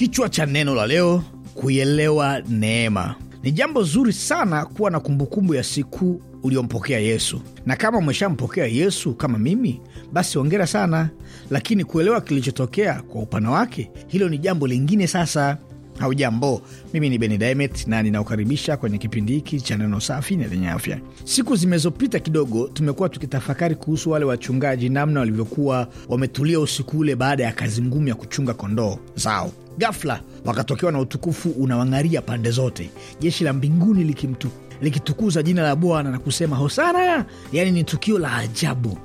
Kichwa cha neno la leo: kuielewa neema. Ni jambo zuri sana kuwa na kumbukumbu ya siku uliompokea Yesu, na kama umeshampokea Yesu kama mimi, basi ongera sana. Lakini kuelewa kilichotokea kwa upana wake, hilo ni jambo lingine. Sasa Haujambo, mimi ni Beni Dimet na ninaokaribisha kwenye kipindi hiki cha neno safi na lenye afya. Siku zimezopita kidogo, tumekuwa tukitafakari kuhusu wale wachungaji, namna walivyokuwa wametulia usiku ule baada ya kazi ngumu ya kuchunga kondoo zao. Ghafla wakatokewa na utukufu unawang'aria pande zote, jeshi la mbinguni likimtu likitukuza jina la Bwana na kusema hosana. Yaani ni tukio la ajabu,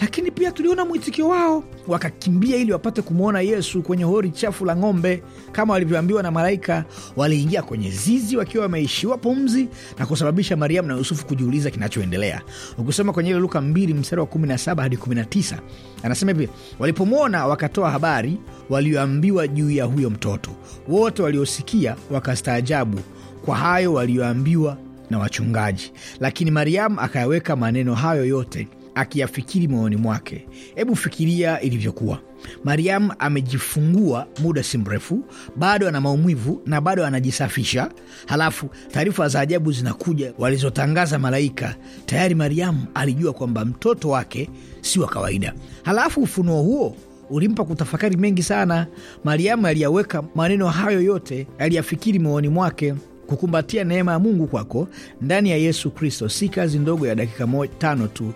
lakini pia tuliona mwitikio wao, wakakimbia ili wapate kumwona Yesu kwenye hori chafu la ng'ombe kama walivyoambiwa na malaika. Waliingia kwenye zizi wakiwa wameishiwa pumzi na kusababisha Mariamu na Yusufu kujiuliza kinachoendelea. Ukisoma kwenye ile Luka 2 mstari wa 17 hadi 19 anasema hivi: walipomwona wakatoa habari walioambiwa juu ya huyo mtoto. Wote waliosikia wakastaajabu kwa hayo walioambiwa na wachungaji, lakini Mariamu akayaweka maneno hayo yote akiyafikiri moyoni mwake. Hebu fikiria ilivyokuwa. Mariamu amejifungua muda si mrefu, bado ana maumivu na bado anajisafisha, halafu taarifa za ajabu zinakuja walizotangaza malaika. Tayari Mariamu alijua kwamba mtoto wake si wa kawaida, halafu ufunuo huo ulimpa kutafakari mengi sana. Mariamu aliyaweka maneno hayo yote, aliyafikiri moyoni mwake. Kukumbatia neema ya Mungu kwako ndani ya Yesu Kristo si kazi ndogo ya dakika tano tu,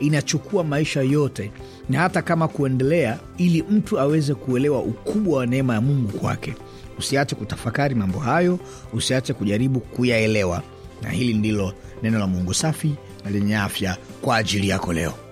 inachukua maisha yote na hata kama kuendelea, ili mtu aweze kuelewa ukubwa wa neema ya Mungu kwake. Usiache kutafakari mambo hayo, usiache kujaribu kuyaelewa. Na hili ndilo neno la Mungu safi na lenye afya kwa ajili yako leo.